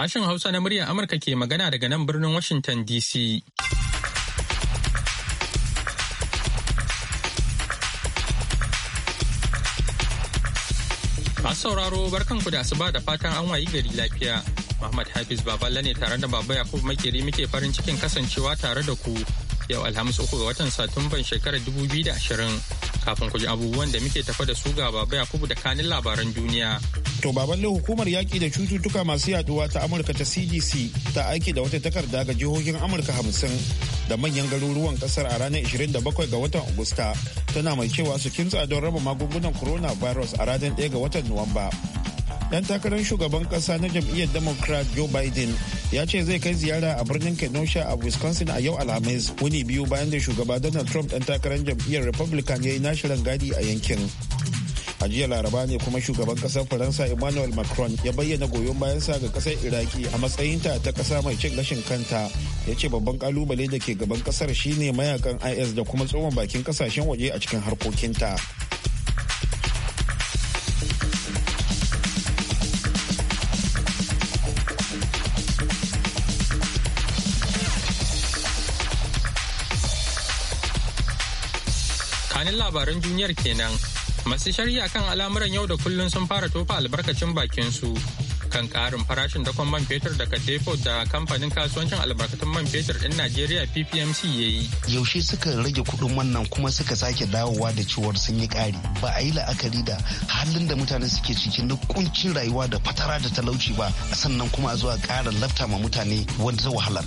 Sashen Hausa na muryar Amurka ke magana daga nan birnin Washington DC. Masu sauraro barkanku da asuba da fatan an wayi gari lafiya. Muhammad Hafiz Baballe ne tare da Baba Yakubu Makeri muke farin cikin kasancewa tare da ku yau Alhamis uku ga watan Satumban shekarar 2020 kafin ku ji abubuwan da muke tafa da su ga Baba Yakubu da kanin labaran duniya. To baballe hukumar yaƙi da cututtuka masu yaduwa ta Amurka ta CDC ta aiki da wata takarda ga jihohin Amurka hamsin da manyan garuruwan kasar a ranar 27 ga watan Agusta tana mai cewa su kintsa don raba magungunan coronavirus a ranar 1 ga watan Nuwamba. Dan takarar shugaban kasa na jam'iyyar Democrat Joe Biden ya ce zai kai ziyara a birnin Kenosha a Wisconsin a yau Alhamis wuni biyu bayan da shugaba Donald Trump dan takarar jam'iyyar Republican ya yi nashi gadi a yankin. a jiya laraba ne kuma shugaban kasar faransa emmanuel macron ya bayyana goyon bayansa ga kasar iraki a matsayinta ta kasa mai cin gashin kanta ya ce babban kalubale da ke gaban kasar shine mayakan is da kuma tsohon bakin kasashen waje a cikin harkokinta kanin labaran duniyar kenan Masu shari'a kan al'amuran yau da kullun sun fara tofa albarkacin bakin su kan karin farashin dakon man fetur daga depo da kamfanin kasuwancin albarkatun man fetur din Najeriya PPMC yayi. Yaushe suka rage kuɗin wannan kuma suka sake dawowa da cewar sun yi kari Ba a yi la'akari da halin da mutane suke cikin na kuncin rayuwa da fatara da talauci ba sannan kuma zuwa ƙara lafta ma mutane wanda ta wahalar.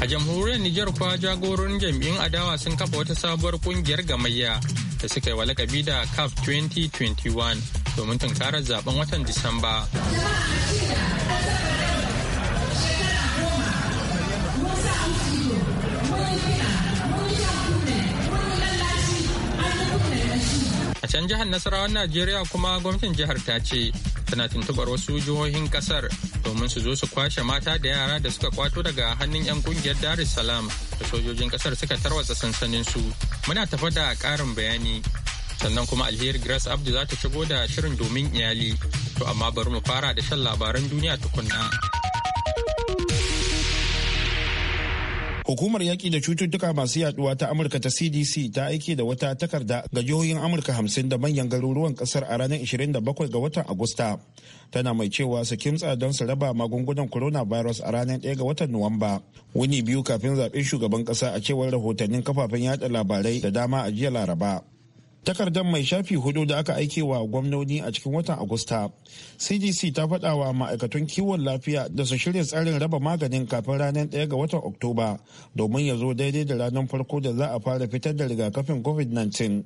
A jamhuriyar Nijar kwa jagororin jam'in adawa sun kafa wata sabuwar kungiyar gamayya da suka yi wa lakabi da CAF 2021 domin tunkarar zaben watan Disamba. A can jihar Nasarawar Najeriya kuma gwamnatin jihar ta ce tana tuntubar wasu jihohin kasar domin su zo su kwashe mata da yara da suka kwato daga hannun 'yan kungiyar dar es salaam da sojojin kasar suka tarwatsa sansanin su muna tafa da karin bayani sannan kuma alheri grace abdu za ta shigo da shirin domin iyali to amma bari mu fara da shan labaran duniya tukunna. Hukumar yaƙi da cututtuka masu yaduwa ta Amurka ta CDC ta aiki da wata takarda ga jihohin Amurka hamsin da manyan garuruwan ƙasar a ranar bakwai ga watan Agusta. Tana mai cewa su kimtsa don su raba magungunan coronavirus a ranar 1 ga watan Nuwamba. Wuni biyu kafin zaɓen shugaban ƙasa a cewar rahotannin kafafen yada labarai da dama a jiya Laraba. takardar mai shafi hudu da aka aike wa gwamnoni a cikin watan agusta cdc ta faɗa wa ma'aikatan kiwon lafiya da su shirya tsarin raba maganin kafin ranar 1 ga watan oktoba domin ya zo daidai da ranar farko da za a fara fitar da rigakafin covid-19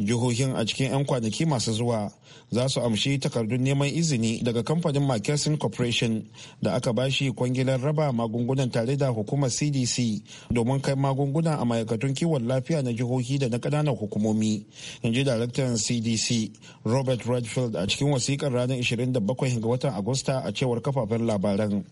jihohin a cikin 'yan kwanaki masu zuwa za su amshi takardun neman izini daga kamfanin mckesson corporation da aka bashi kwangilar raba magungunan tare da hukumar cdc domin kai magunguna a ma'aikatun kiwon lafiya na jihohi da na ƙananan hukumomi in ji daraktan cdc robert redfield a cikin wasikar ranar 27 ga watan agusta a cewar kafafen labaran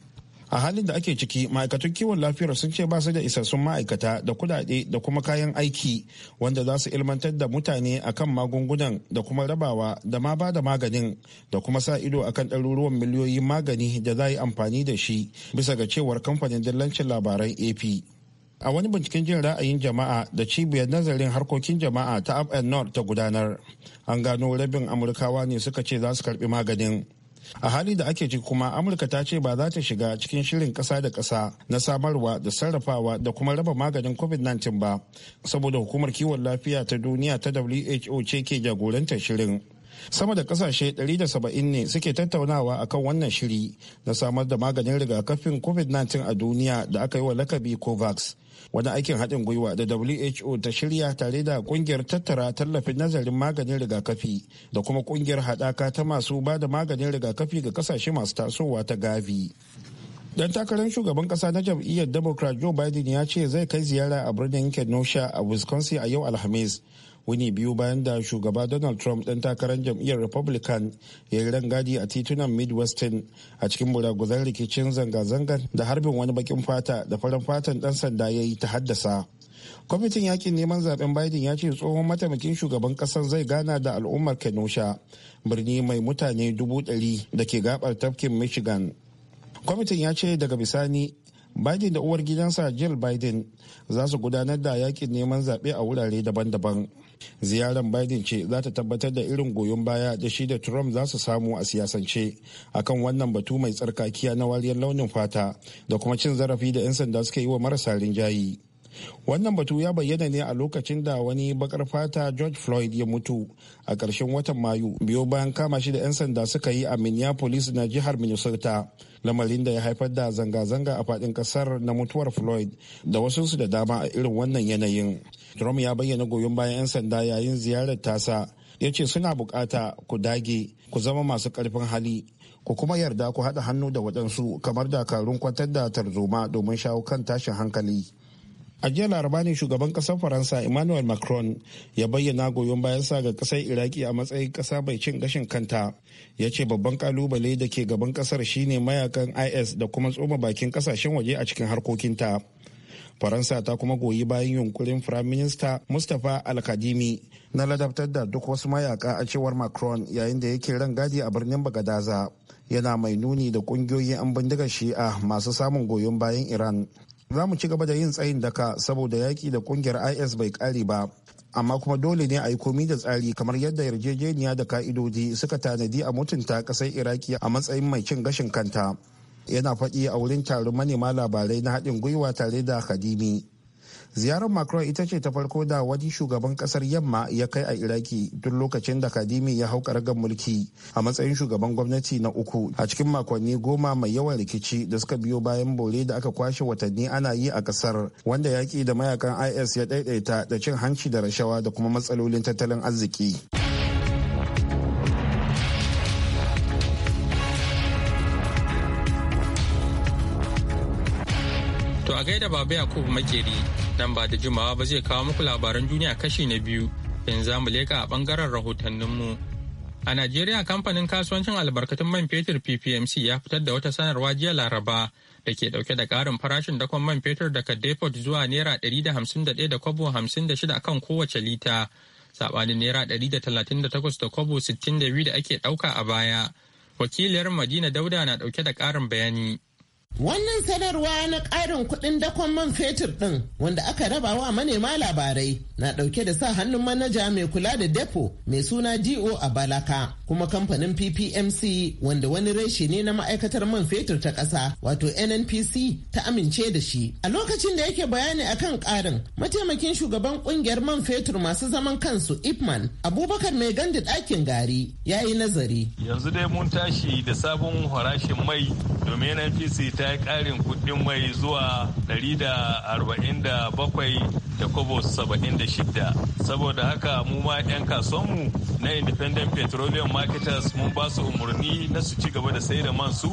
a halin da ake ciki ma'aikatan kiwon lafiyar sun ce ba su da isassun ma'aikata da kudade da kuma kayan aiki wanda za su ilmantar da mutane akan magungunan da kuma rabawa da ma ba da maganin da kuma sa ido akan ɗaruruwan miliyoyin magani da za yi amfani da shi bisa ga cewar kamfanin dillancin labaran ap a wani binciken jin ra'ayin jama'a da cibiyar nazarin harkokin jama'a ta up and north ta gudanar an gano rabin amurkawa ne suka ce za su karbi maganin a hali da ake ci kuma amurka ta ce ba za ta shiga cikin shirin kasa da kasa na samarwa da sarrafawa da kuma raba maganin covid-19 ba saboda hukumar kiwon lafiya ta duniya ta who ce ke jagorantar shirin sama da kasashe 170 ne suke tattaunawa akan wannan shiri na samar da maganin rigakafin covid-19 a duniya da aka yi wa lakabi covax wani aikin haɗin gwiwa da who ta shirya tare da ƙungiyar tattara tallafin nazarin maganin rigakafi da kuma ƙungiyar haɗaka ta masu ba da maganin rigakafi ga kasashe masu tasowa ta gavi dan takarar shugaban kasa na jam'iyyar democrat joe biden ya ce zai kai ziyara a birnin kenosha a wisconsin a yau alhamis wuni biyu bayan da shugaba donald trump ɗan takarar jam'iyyar republican ya yi rangadi a titunan midwestern a cikin buraguzan rikicin zanga-zangar da harbin wani bakin fata da farin fatan ɗan sanda ya yi ta haddasa kwamitin yakin neman zaben biden ya ce tsohon mataimakin shugaban kasar zai gana da al'ummar kenosha birni mai mutane dubu ɗari da ke gabar tafkin michigan kwamitin ya ce daga bisani biden da uwar gidansa jill biden za su gudanar da yakin neman zaɓe a wurare daban-daban ziyaran biden ce za ta tabbatar da irin goyon baya da shi da trump za su samu a siyasance akan wannan batu mai tsarkakiya na wariyar launin fata da kuma cin zarafi da 'yan sanda suka yi wa marasa rinjayi wannan batu ya bayyana ne a lokacin da wani bakar fata george floyd ya mutu a ƙarshen watan mayu biyo bayan kama shi da 'yan sanda suka yi a minneapolis na jihar minnesota lamarin da ya haifar da zanga-zanga a faɗin ƙasar na mutuwar floyd da wasu su da dama a irin wannan yanayin trump ya bayyana goyon bayan 'yan sanda yayin ziyarar tasa ya ce suna bukata ku dage ku zama masu ƙarfin hali ku kuma yarda ku haɗa hannu da waɗansu kamar dakarun kwantar da tarzoma domin shawo kan tashin hankali a jiya laraba ne shugaban kasar faransa emmanuel macron ya bayyana goyon bayan sa ga kasar iraki a matsayin kasa bai cin gashin kanta ya ce babban kalubale da ke gaban kasar shine mayakan is da kuma tsoma bakin kasashen waje a cikin harkokinta faransa ta kuma goyi bayan yunkurin firayim minista mustapha alkadimi na ladabtar da duk wasu mayaka a cewar macron yayin da yake ran gadi a birnin bagadaza yana mai nuni da kungiyoyin an bindiga shi'a masu samun goyon bayan iran za mu ci gaba da yin tsayin daka saboda yaƙi da ƙungiyar is bai ƙare ba amma kuma dole ne a yi komi da tsari kamar yadda yarjejeniya da ka'idodi suka tanadi a mutunta ƙasar iraki a matsayin mai cin gashin kanta yana faɗi a wurin taron manema labarai na haɗin gwiwa tare da kadimi ziyarar macron ita ce ta farko da wani shugaban kasar yamma ya kai a iraki tun lokacin da kadimi ya hau karagar mulki a matsayin shugaban gwamnati na uku a cikin makonni goma mai yawan rikici da suka biyo bayan bore da aka kwashe watanni ana yi a kasar wanda yaƙi da mayakan is ya daidaita da cin hanci da rashawa da kuma matsalolin tattalin arziki. a gaida baba yakubu makeri nan ba da jimawa ba zai kawo muku labaran duniya kashi na biyu yanzu za mu leka a rahotannin rahotanninmu a najeriya kamfanin kasuwancin albarkatun man fetur ppmc ya fitar da wata sanarwa jiya laraba da ke dauke da karin farashin dakon man fetur daga depot zuwa naira ɗari da kwabo hamsin da kan kowace lita sabanin naira ɗari da talatin kwabo sittin da da ake ɗauka a baya wakiliyar madina dauda na dauke da ƙarin bayani Wannan sanarwa na ƙarin kuɗin dakon man fetur ɗin wanda aka raba wa manema labarai na ɗauke da sa hannun manaja mai kula da depo mai suna DO a Balaka kuma kamfanin PPMC wanda wani reshe ne na ma'aikatar man fetur ta ƙasa wato NNPC ta amince da shi. A lokacin da yake bayani a kan ƙarin mataimakin shugaban ƙungiyar man fetur masu zaman kansu Ipman Abubakar mai gandu ɗakin gari ya yi nazari. Yanzu dai mun tashi da sabon farashin mai domin NNPC ta ta yi ƙarin kuɗin mai zuwa 147 da kobo 76 saboda haka mu ma 'yan kasuwanmu na independent petroleum marketers mun ba su umarni na su ci gaba da sai da man su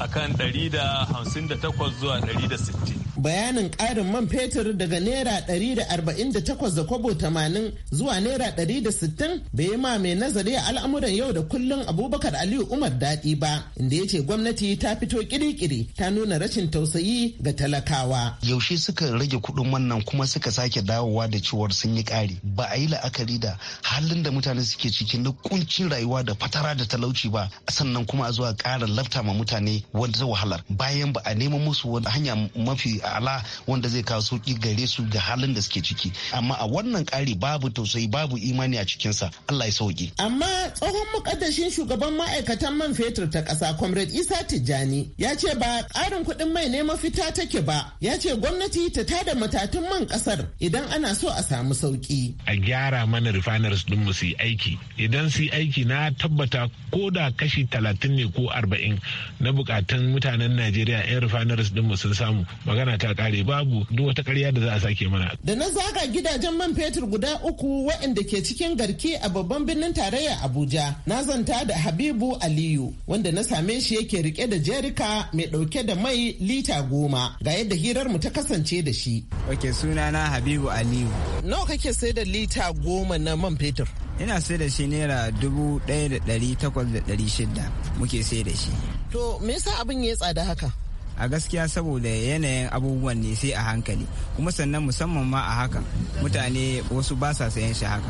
a kan 158 zuwa 160 bayanin ƙarin man fetur daga naira 148 da kwabo 80 zuwa naira 160 bai ma mai nazari a al'amuran yau da kullun abubakar aliyu umar daɗi ba inda ya ce gwamnati ta fito kirikiri ta nuna rashin tausayi ga talakawa yaushe suka rage kuɗin wannan kuma suka sake dawowa da cewar sun yi ƙari ba a yi la'akari da halin da mutane suke cikin na kuncin rayuwa da fatara da talauci ba sannan kuma a zuwa ƙara lafta ma mutane wanda wahalar bayan ba a neman musu wani hanya mafi ala wanda zai kawo sauki gare su ga halin da suke ciki amma a wannan kari babu tausayi babu imani a cikinsa Allah ya sauki. Amma tsohon mukaddashin shugaban ma'aikatan man fetur ta ƙasa Comrade Isa Tijjani ya ce ba ƙarin kuɗin mai ne mafita take ba ya ce gwamnati ta tada matatun man ƙasar idan ana so a samu sauki. A gyara mana refiners din mu su aiki idan su yi aiki na tabbata ko da kashi talatin ne ko arba'in na buƙatu bukatun mutanen najeriya yan refineries din sun samu magana ta kare babu duk wata karya da za a sake mana da na zaga gidajen man fetur guda uku waɗanda ke cikin garki a babban birnin tarayya abuja na zanta da habibu aliyu wanda na same shi yake rike da jerika mai ɗauke da mai lita goma ga yadda hirar mu ta kasance da shi ok sunana habibu aliyu nawa kake sai da lita goma na man fetur ina sai da shi naira dubu ɗaya da ɗari takwas da ɗari shida muke sai da shi To me yasa abin ya tsada haka? a gaskiya saboda yanayin abubuwan ne sai a hankali kuma sannan musamman ma a hakan mutane wasu ba sa sayan shi haka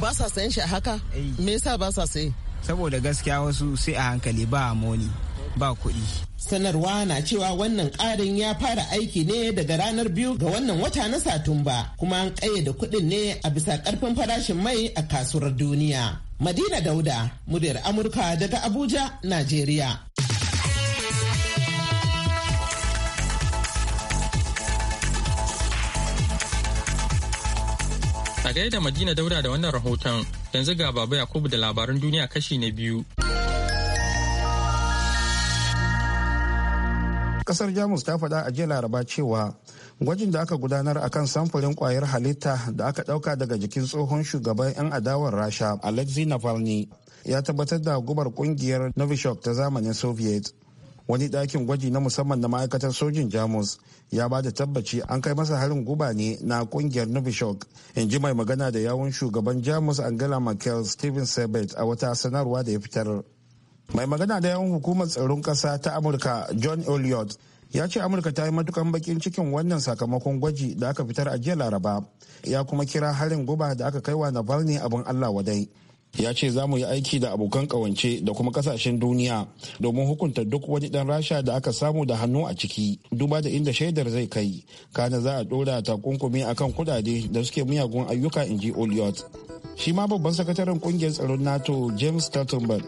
ba sa sayan shi haka eh. me yasa ba sa sayi. saboda gaskiya wasu sai a hankali ba moni ba kuɗi sanarwa na cewa wannan ƙarin ya fara aiki ne daga ranar biyu ga wannan wata na satumba kuma an ƙayyade kuɗin ne a bisa ƙarfin farashin mai a kasuwar duniya madina dauda muryar amurka daga abuja najeriya A gaida Madina Dauda da wannan rahoton yanzu ga Baba Yakubu da labaran duniya kashi na biyu. Kasar Jamus ta faɗa a jiya Laraba cewa gwajin da aka gudanar a kan samfurin kwayar halitta da aka ɗauka daga jikin tsohon shugaban 'yan adawar Rasha Alexei Navalny ya tabbatar da gubar kungiyar Novichok ta zamanin Soviet. wani dakin gwaji na musamman na ma'aikatar sojin jamus ya ba da tabbaci an kai masa harin guba ne na kungiyar novichok in ji mai magana da yawun shugaban jamus angela merkel steven sebet a wata sanarwa da ya fitar mai magana da yawun hukumar tsaron ƙasa ta amurka john Elliot ya ce amurka ta yi matukan bakin cikin wannan sakamakon gwaji da aka fitar a jiya laraba ya kuma kira harin guba da aka kai wa navalny abin allah wadai ya ce za mu yi aiki da abokan kawance da kuma kasashen duniya domin hukunta duk wani dan rasha da aka samu da hannu a ciki duba da inda shaidar zai kai kana za a dora takunkumi akan kudade da suke miyagun ayyuka inji oliot shi ma babban sakataren kungiyar tsaron nato james stoltenberg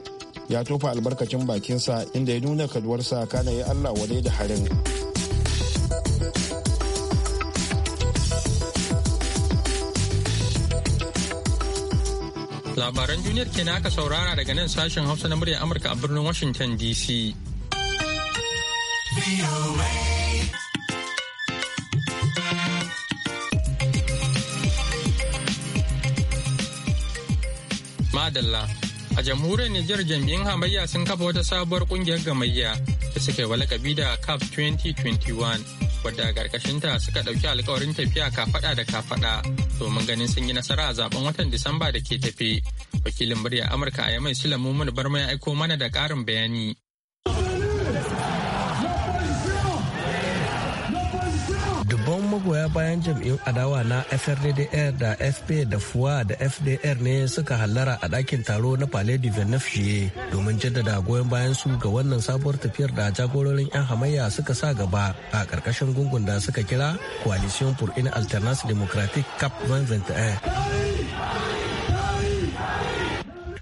ya tofa albarkacin bakinsa inda ya nuna kaduwarsa kana ya allah wadai da harin Labaran duniyar ke aka saurara daga nan sashen Hausa na muryar Amurka a birnin Washington DC. Madalla a jamhuriyar Nijar jam'in hamayya sun kafa wata sabuwar kungiyar gamayya da suke walakabi da CAP 2021. wadda ƙarƙashinta suka ɗauki alkawarin tafiya kafaɗa da kafaɗa domin ganin sun yi nasara a zaben watan Disamba da ke tafe. Wakilin murya Amurka a Yamai Sulamu Barma ya aiko mana da ƙarin bayani. magoya bayan jam'iyyun adawa na FRDDR da FP da FUA da FDR ne suka hallara a ɗakin taro na Palais du Venefie domin jaddada goyon bayan su ga wannan sabuwar tafiyar da jagororin 'yan hamayya suka sa gaba a ƙarƙashin gungun da suka kira Coalition pour une alternance démocratique CAP 2021.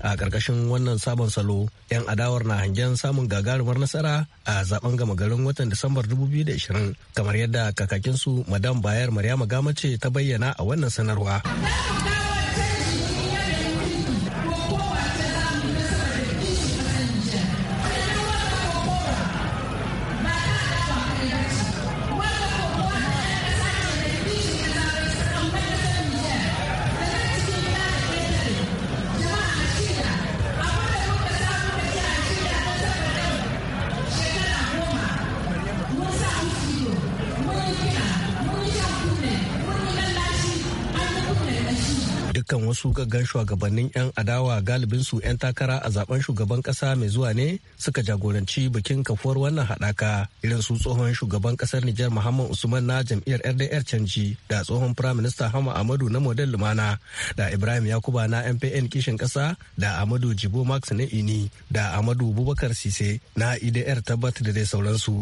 a ƙarƙashin wannan sabon salo 'yan adawar na hangen samun gagarumar nasara a zaben gama garin watan disambar 2020 kamar yadda kakakinsu madam bayar maryama gama ce ta bayyana a wannan sanarwa su gaggan shugabannin 'yan adawa galibinsu 'yan takara a zaben shugaban kasa mai zuwa ne suka jagoranci bikin kafuwar wannan haɗaka irin su tsohon shugaban kasar Nijar Muhammad Usman na jam'iyyar RDR canji da tsohon firaminista Hama Amadu na model Lumana da Ibrahim Yakuba na MPN kishin kasa da Amadu Jibo Max na Ini da Amadu Bubakar Sise na IDR tabbat da dai sauransu.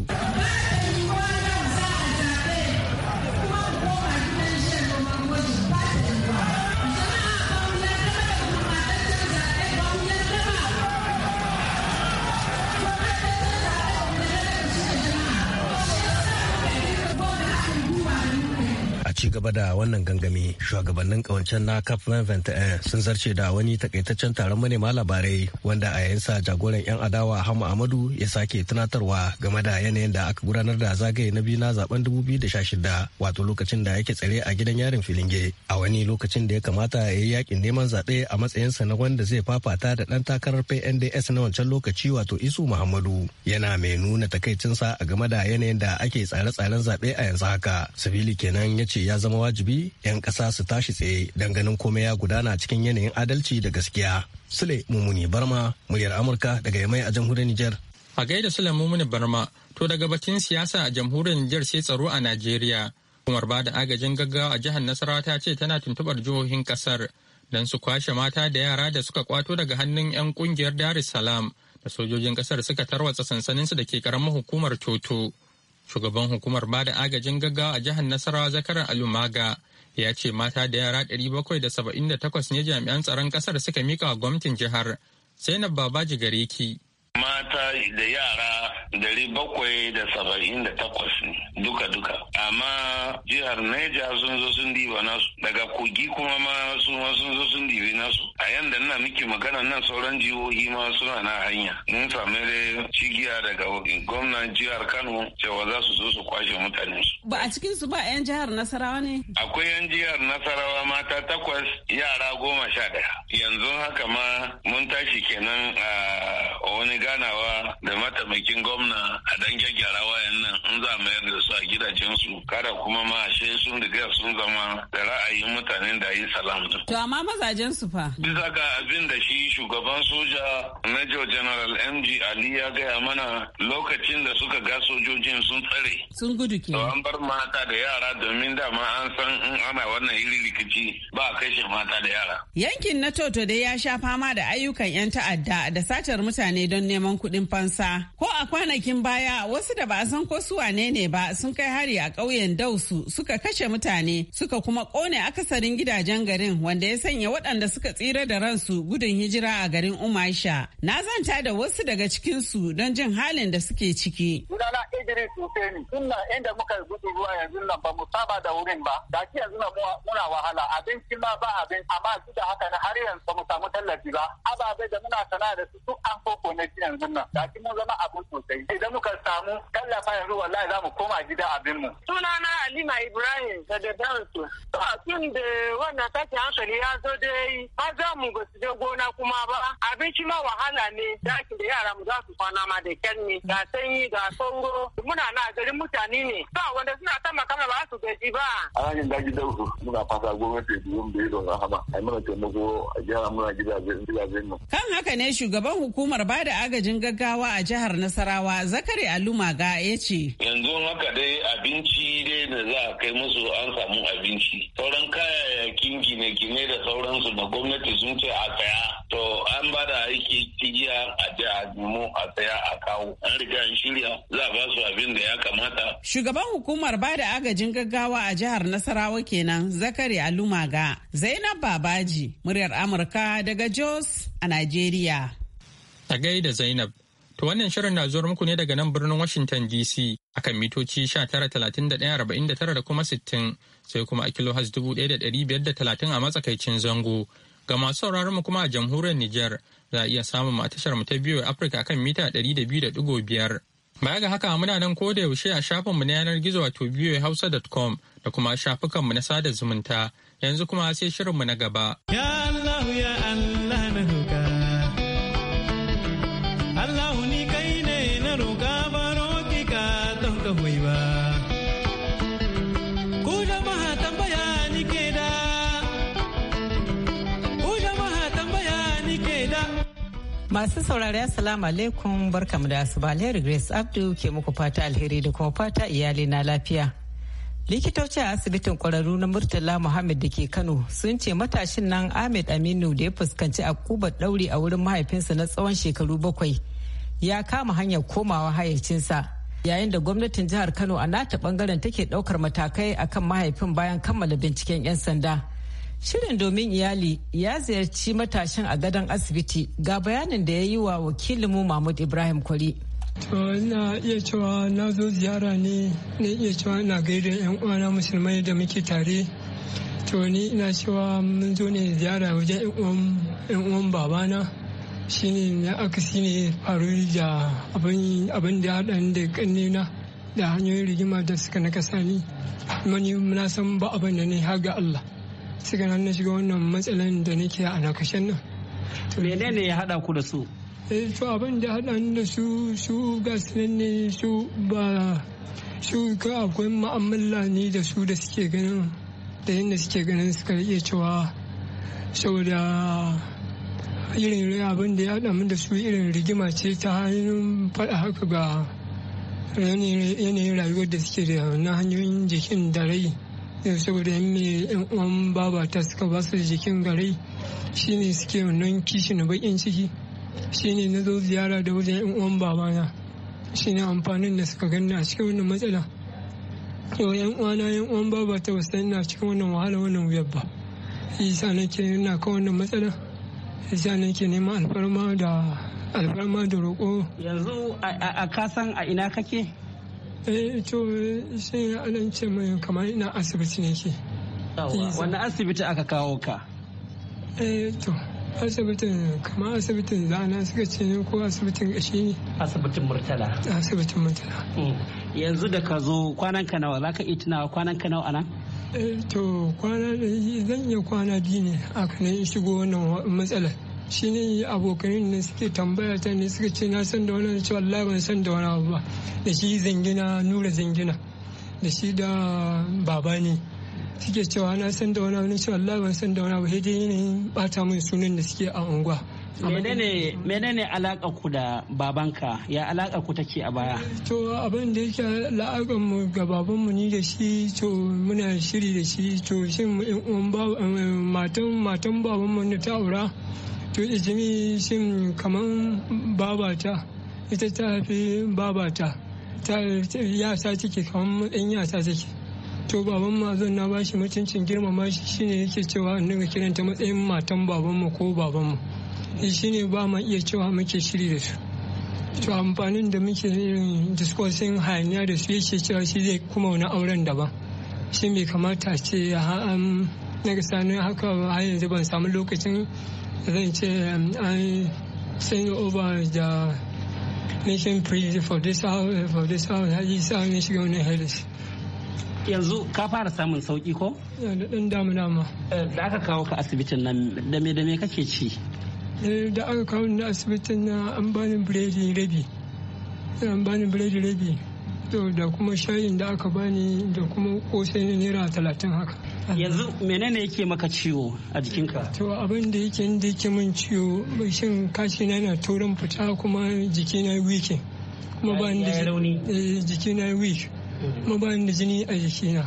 gaba da wannan gangami shugabannin kawancen na cap 21 eh, sun zarce da wani takaitaccen taron manema labarai wanda a yayinsa jagoran 'yan adawa hamu amadu ya sake tunatarwa game da yanayin da aka gudanar da zagaye na biyu na zaben 2016 wato lokacin da yake tsare a gidan yarin filinge a wani lokacin da ya kamata ya yi yakin neman zaɓe a matsayinsa na wanda zai fafata da ɗan takarar pnds na wancan lokaci wato isu muhammadu yana mai nuna takaicinsa a game da yanayin da ake tsare-tsaren zaɓe a yanzu haka sabili kenan ya ce ya zama zama wajibi 'yan ƙasa su tashi tsaye ganin komai ya gudana cikin yanayin adalci da gaskiya. Sule Mumuni Barma, muryar Amurka daga Yamai a jamhuriyar Nijar. A gaida Sule Mumuni Barma, to daga batun siyasa a jamhuriyar Nijar sai tsaro a Najeriya. umar ba da agajin gaggawa a jihar Nasarawa ta ce tana tuntuɓar jihohin ƙasar don su kwashe mata da yara da suka kwato daga hannun 'yan ƙungiyar Dar es Salaam da sojojin ƙasar suka tarwatsa sansaninsu da ke ƙaramar hukumar Toto. shugaban hukumar ba da agajin gaggawa a jihar nasarawa zakaran alumaga ya ce mata da yara 778 ne jami'an tsaron kasar suka mika wa gwamnatin jihar sainab babaji gare ki mata da yara dari bakwai da saba'in da takwas ne duka-duka amma jihar neja sun zo sun diba nasu daga kogi kuma ma sun zo sun dibi nasu a yanda na muke magana nan sauran jihohi ma suna na hanya mun sami da cigiya daga gwamnan jihar kano cewa za su zo su kwashe mutane su ba a cikin su ba yan jihar nasarawa ne akwai yan jihar nasarawa mata takwas yara goma sha daya yanzu haka ma mun tashi kenan a ah, wani ganawa dattawa da mataimakin gwamna a dan gyaggyara wayan nan in za mayar da su a gidajensu kada kuma ma she sun riga sun zama da ra'ayin mutanen da yi salam din. To amma mazajen su fa? Bisa ga abin da shi shugaban soja Major General MG Ali ya gaya mana lokacin da suka ga sojojin sun tsare. Sun gudu ke. To an bar mata da yara domin dama an san in ana wannan iri rikici ba a kashe mata da yara. Yankin na Toto dai ya sha fama da ayyukan 'yan ta'adda da satar mutane don neman kuɗi. kudin fansa. Ko a kwanakin baya wasu da ba a san ko su wane ne ba sun kai hari a ƙauyen Dausu suka kashe mutane suka kuma kone akasarin gidajen garin wanda ya sanya waɗanda suka tsira da ransu gudun hijira a garin Umaisha. Na zanta da wasu daga cikin cikinsu don jin halin da suke ciki. Sunana Idris Hussaini, sunna inda muka gudu zuwa yanzu nan ba mu saba da wurin ba. Da ke yanzu muna wahala abinci ma ba abin amma su da haka na har yanzu ba mu samu tallafi ba. Ababe da muna sana da su duk an koko na yanzu wannan nan ga mun zama abun sosai idan muka samu tallafa yanzu wallahi za mu koma gida abin mu sunana Halima Ibrahim da da Dansu to a tun da wannan tashin hankali ya zo dai ba za mu ba su je gona kuma ba abinci ma wahala ne da dakin da yara mu za su kwana ma da kyan ne ga sanyi ga sauro muna na garin mutane ne ba wanda suna ta mana ba su gaji ba a ranar daji dausu muna fasa gwamnati da yin bai don rahama a yi mana taimako a gyara muna gidajen gidajen mu kan haka ne shugaban hukumar ba da agajin gaggawa a jihar Nasarawa Zakari Alumaga ya ce. Yanzu haka dai abinci dai da za a kai musu an samu abinci. Sauran kayayyakin gine-gine da sauransu na gwamnati sun ce a saya. To an ba da aiki tijiya a jihar mu a saya a kawo. An riga an shirya za a ba su abin da ya kamata. Shugaban hukumar ba da agajin gaggawa a jihar Nasarawa kenan Zakari Alumaga. Zainab Babaji, muryar Amurka daga Jos a Najeriya. A gaida Zainab, to wannan shirin na zuwa muku ne daga nan birnin Washington DC a kan mitoci 19,31,49 da kuma 60 sai kuma a kilo has 1,530 a matsakaicin zango. Ga masu sauraron mu kuma a jamhuriyar Nijar za a iya samun mu a tashar mu ta biyu a Afirka kan mita 200.5. Baya ga haka muna nan ko da yaushe a shafin mu na yanar gizo wato biyohausa.com da kuma shafukan mu na sada zumunta yanzu kuma sai shirin mu na gaba. Masu saurari Assalamu alaikum barkamu da asuba Alheri Grace Abdu ke muku fata alheri da kuma fata iyali na lafiya. Likitoci a asibitin kwararru na Murtala Muhammad da ke Kano sun ce matashin nan Ahmed Aminu da ya fuskanci a akubar ɗauri a wurin mahaifinsa na tsawon shekaru bakwai ya kama hanyar komawa hayyacinsa yayin da gwamnatin jihar Kano a nata bangaren take ɗaukar matakai akan mahaifin bayan kammala binciken 'yan sanda. Shirin domin iyali ya ziyarci matashin a gadon asibiti ga bayanin da ya yi wa wakilinmu Mahmud Ibrahim Kwari. To ina iya cewa na zo ziyara ne na iya cewa ina gaida yan uwana musulmai da muke tare. To ni ina cewa mun zo ne ziyara wajen yan uwan babana shine na aka ne faru da abin da haɗa da kannena da hanyoyin rigima da suka na ni. Mani muna san ba abin da ne har ga Allah. suka nan na shiga wannan matsalan da nake a nakashen nan. Mene ne ya hada ku da su? Eh to abin da hada da su su gas ne su ba su ka akwai ma'amala ne da su da suke ganin da yadda suke ganin suka iya cewa saboda irin rai abin da ya hada da su irin rigima ce ta hannun faɗa haka ga yanayin rayuwar da suke da na hanyoyin jikin da rai. Eh, saboda yan ne yan uwan babata suka ba su jikin garai shine suke wannan kishi na bakin ciki shine na zo ziyara da wajen yan uwan babana shine amfanin da suka ganni a cikin wannan matsala yau yan uwana yan uwan babata wasu ina cikin wannan wahala wannan wuyar ba isa ke nuna kan wannan matsala isa nake neman alfarma da alfarma da roƙo yanzu a kasan a ina kake eh to sai anan ce mai kamar ina asibiti ne ke wanda asibiti aka kawo ka eh to asibitin kama asibitin zana suka ce ne ko asibitin gashi ne asibitin murtala asibitin murtala mm. yanzu da ka zo kwanan ka nawa ka iya tunawa kwanan ka nawa anan eh to kwana zan iya kwana biyu ne aka ne shigo wannan matsalar ne abokanin ne suke tambaya ta ne suka ce na san da wani ce wallahi ban san da wani abu ba da shi zangina nura zangina da shi da baba ne suke cewa na san da wani abu ne ce ban san da wani abu sai dai yanayin bata min sunan da suke a unguwa menene alaka ku da babanka ya alaka ku take a baya to abin da yake la'akan mu ga babanmu ni da shi to muna shiri da shi to shin eh, matan matan babanmu ne ta aura to da jimi shin kaman babata ita ta haifi babata ta yasa take kaman ya yasa take to baban ma zan na bashi mutuncin girmama shi shine yake cewa in daga kiranta matsayin matan babanmu ko babanmu shine ba ma iya cewa muke shiri da su to amfanin da muke yin discussing hayaniya da su yake cewa shi zai kuma wani auren daban shi bai kamata ce an na haka har yanzu ban samu lokacin zan ce an send over da nation prison for this house for this house ya ji sa ne shiga wani helis yanzu ka fara samun sauki ko da dan damu dama da aka kawo ka asibitin nan dame dame da me kake ci eh, da aka kawo ni asibitin na an bani biredi rabi eh, an bani biredi rabi to da kuma shayin da aka bani da kuma kosai na naira talatin haka yanzu menene yake maka ciwo a jikinka to abin da yake inda yake min ciwo shin kashi na yana turin fita kuma jikina wiki kuma ba ni jiki eh, jikina wiki kuma ba ni da jini a jikina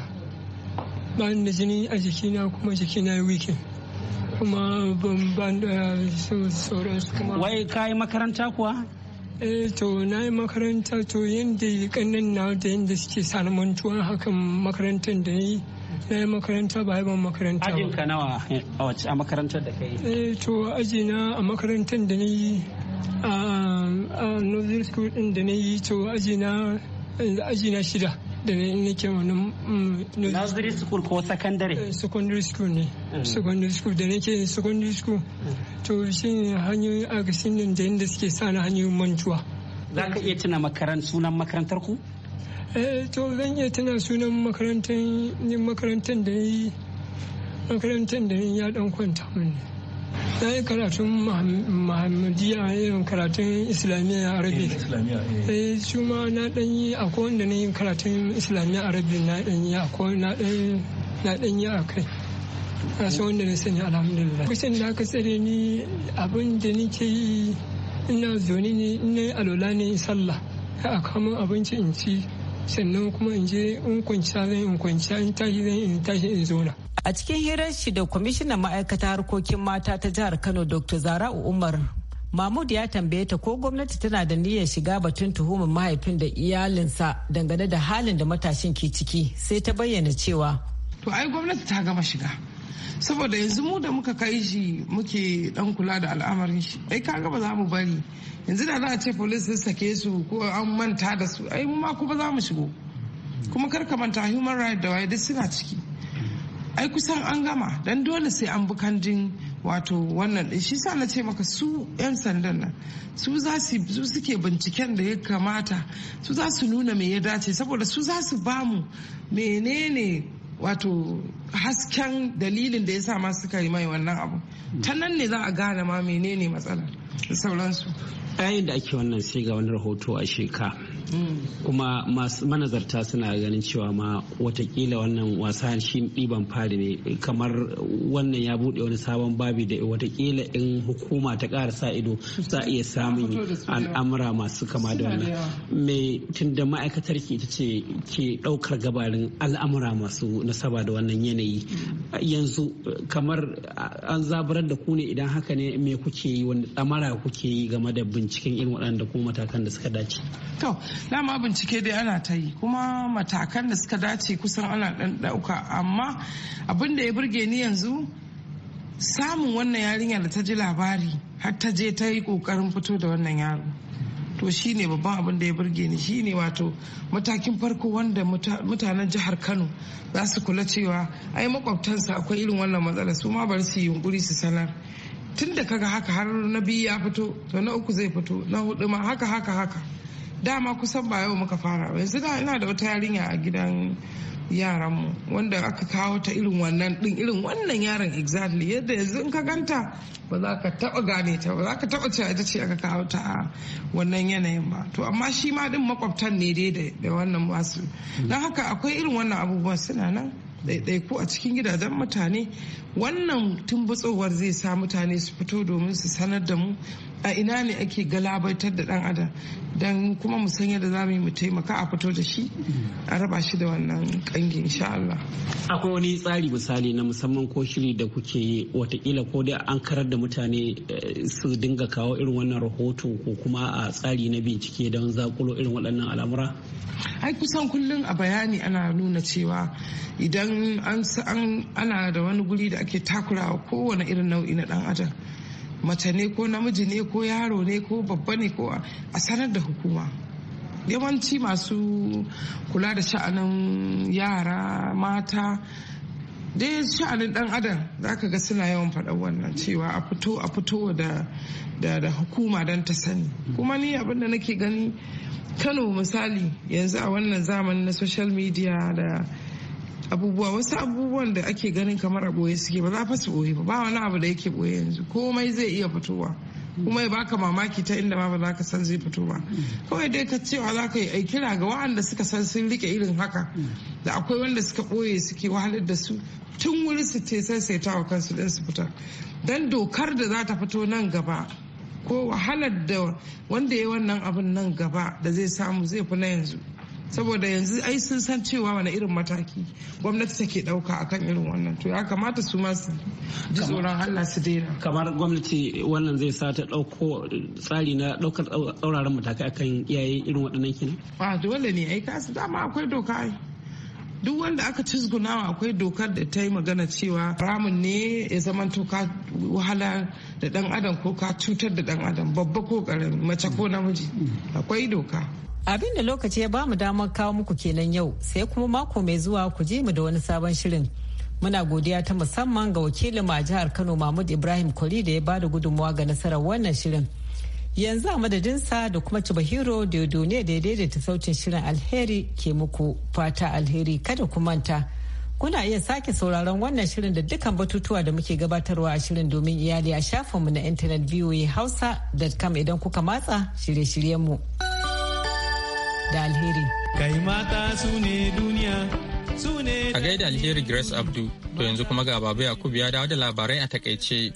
ba ni da jini a jikina kuma jikina wiki kuma ban ban da eh, sauransu kuma wai kayi makaranta kuwa eh to na yi makaranta to yadda kanin na da yadda suke sani mantuwa hakan makarantar da yi na yi makaranta ba yi ban makaranta ba. Ajinka nawa a makarantar da ka yi? Eh to aji na a makarantar da na yi a Northern School din da na yi to aji na shida. da nake wani nursery school ko secondary eh, secondary school ne mm. secondary school da nake secondary school mm. to shi hanyoyin agasin nan da yadda suke sa na hanyoyin mantuwa za ka iya tuna sunan makarantar ku eh to zan iya tuna sunan makarantar makarantar da ni makarantar da ya dan kwanta mini na eh, yi karatun a irin eh, karatun islamiyya arabi eh, eh shi ma na dan yi a kowane wanda na yi karatun islamiyya arabi na dan yi a kowane na dan yi kai na san wanda na sani alhamdulillah kusan da aka tsere ni abin da nake yi ina zoni ne ina alola ne sallah a kama abinci in ci sannan kuma in je in kwanci zan in kwanciya in tashi zan in tashi in zo na. A cikin hirar shi da kwamishinan ma'aikata harkokin mata ta jihar Kano Dr. Zara'u Umar Mahmud ya tambaye ta ko gwamnati tana da niyyar shiga batun tuhumin mahaifin da iyalinsa dangane da halin da matashin ke ciki sai ta bayyana cewa. To ai gwamnati ta gama shiga. Saboda yanzu mu da muka kai shi muke dan kula da al'amarin shi. Ai kaga ba za mu bari yanzu da za a ce polis sun sake su ko an manta da su ai ma kuma za mu shigo kuma kar ka manta human right da waye duk suna ciki ai kusan an gama dan dole sai an bi kandin wato wannan din shi sa na ce maka su 'yan sandan nan su za su suke binciken da ya kamata su za su nuna me ya dace saboda su za su bamu menene wato hasken dalilin da ya sa ma suka yi mai wannan abu ta nan ne za a gane ma menene matsalar da sauransu ayin da ake wannan sai ga wani rahoto a sheka kuma manazarta suna ganin cewa ma watakila wannan wasa shi ɗiban fari ne kamar wannan ya buɗe wani sabon babi da watakila in hukuma ta ƙara sa ido za a iya samun al'amura masu kama da wannan mai tunda ma'aikatar ki ita ce ke ɗaukar gabarin al'amura masu nasaba da wannan yanayi yanzu kamar an zaburar da ku ne idan haka ne me kuke yi wani tsamara kuke yi game da binciken irin waɗanda ko matakan da suka dace. dama bincike dai ana ta yi kuma matakan da suka dace kusan ana ɗan ɗauka amma abin da ya burge ni yanzu samun wannan yarinya da ta ji labari har ta je ta yi kokarin fito da wannan yaro to shine babban abin da ya burge ni shi wato matakin farko wanda mutanen jihar kano za su kula cewa ai makwabtansa akwai irin wannan matsala su ma bar su yi yunkuri su sanar tun da kaga haka har na biyu ya fito to na uku zai fito na hudu ma haka haka haka dama kusan ba yau muka fara ba yanzu da ina da wata yarinya a gidan yaran mu wanda aka kawo ta irin wannan din irin wannan yaron exactly yadda yanzu in ka ganta ba za ka taba gane ta ba za ka taba cewa ita ce aka kawo ta a wannan yanayin ba to amma shi ma din makwabtan ne dai da wannan masu don haka akwai irin wannan abubuwan suna nan ɗaiɗaiku a cikin gidajen mutane wannan tumbutsowar zai sa mutane su fito domin su sanar da mu a ina ne ake galabaitar da dan adam don kuma mu san yadda za mu yi mu taimaka a fito da shi a raba shi da wannan kangi insha Allah. Akwai wani tsari misali na musamman ko shiri da kuke yi watakila ko dai an karar da mutane eh, su dinga kawo irin wannan rahoto ko kuma a tsari na bincike don zakulo irin waɗannan al'amura? Ai kusan kullum a bayani ana nuna cewa idan an ana da wani guri da ake takurawa kowane irin nau'i na ɗan adam. mace ne ko namiji ne ko yaro ne ko babba ne ko a sanar da hukuma yawanci masu kula da sha'anin yara mata dai sha'anin dan adam za ka ga suna yawan faɗa wannan cewa a fito a fito da da hukuma don ta sani kuma ni abin da nake gani kano misali yanzu a wannan zamanin na social media da abubuwa wasu abubuwan da ake ganin kamar a boye suke ba za fa su boye ba ba wani abu da yake ɓoye yanzu komai zai iya fitowa kuma ya baka mamaki ta inda ma ba za ka san zai fito ba kawai dai ka cewa za ka yi aikira ga waɗanda suka san sun rike irin haka da akwai wanda suka ɓoye suke wahalar da su tun wuri su te sai sai tawa kansu don su fita don dokar da za ta fito nan gaba ko wahalar da wanda ya wannan abin nan gaba da zai samu zai fi na yanzu saboda yanzu ai sun san cewa wani irin mataki gwamnati take dauka akan irin wannan to ya kamata su ma su ji tsoron Allah su daina kamar gwamnati wannan zai sa ta dauko tsari na daukar tsauraran matakai akan iyaye irin waɗannan kin a dole ne ai kasu dama akwai doka ai duk wanda aka cizgunawa akwai dokar da ta yi magana cewa ramin ne ya zama to ka wahala da dan adam ko ka cutar da dan adam babba ko karami mace ko namiji mm. akwai doka Abin da lokaci ya bamu damar kawo muku kenan yau sai kuma mako mai zuwa ku je mu da wani sabon shirin. Muna godiya ta musamman ga wakilin a jihar Kano Mahmud Ibrahim Kwari da ya ba da gudunmawa ga nasarar wannan shirin. Yanzu a madadinsa da kuma Cibahiro Diodone da ya daidaita sautin shirin alheri ke muku fata alheri kada ku manta. Kuna iya sake sauraron wannan shirin da dukkan batutuwa da muke gabatarwa a shirin domin iyali a shafinmu na intanet hausa.com idan kuka matsa shirye-shiryenmu. mu. da alheri. Kai mata su ne duniya su ne. A gaida alheri Grace Abdu to yanzu kuma ga Babu Yakubu ya dawo da labarai a takaice.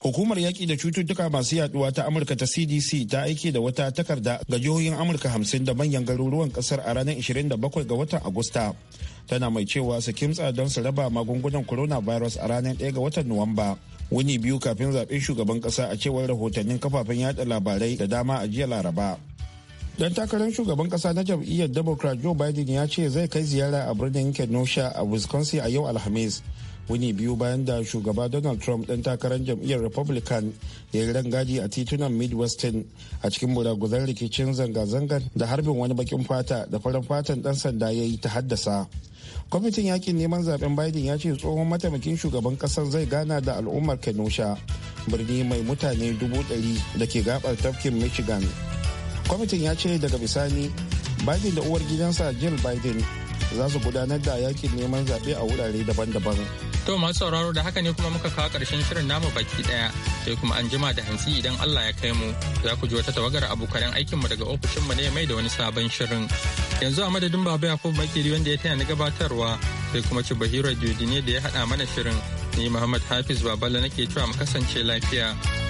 Hukumar yaƙi da cututtuka masu yaduwa ta Amurka ta CDC ta aike da wata takarda ga jihohin Amurka hamsin da manyan garuruwan ƙasar a ranar 27 ga watan Agusta. Tana mai cewa su kimtsa don su raba magungunan coronavirus a ranar 1 ga watan Nuwamba. wuni biyu kafin zaɓen shugaban ƙasa a cewar rahotannin kafafen yada labarai da dama a jiya laraba dan takarar shugaban ƙasa na jam'iyyar democrat joe biden ya ce zai kai ziyara a birnin kenosha a wisconsin a yau alhamis wuni biyu bayan da shugaba donald trump dan takarar jam'iyyar republican ya yi rangadi a titunan midwestern a cikin buraguzan rikicin zanga-zangar da harbin wani bakin fata da farin fatan dan sanda ya yi ta haddasa kwamitin yakin neman zaben biden ya ce tsohon mataimakin shugaban kasar zai gana da al'ummar kenosha birni mai mutane dubu ɗari da ke gabar tafkin michigan kwamitin ya ce daga bisani biden da uwar gidansa jill biden za su gudanar da yakin neman zaɓe a wurare daban-daban To masu sauraro da haka ne kuma muka kawo ƙarshen shirin namu baki ɗaya sai kuma an jima da hantsi idan Allah ya kai mu za ku ji wata tawagar abokan aikin mu daga ofishinmu ne mai da wani sabon shirin. Yanzu a madadin Baba Yakubu Bakiri wanda ya taya ni gabatarwa sai kuma ci Bahira Jodi ne da ya haɗa mana shirin. Ni Muhammad Hafiz Babala nake cewa mu kasance lafiya.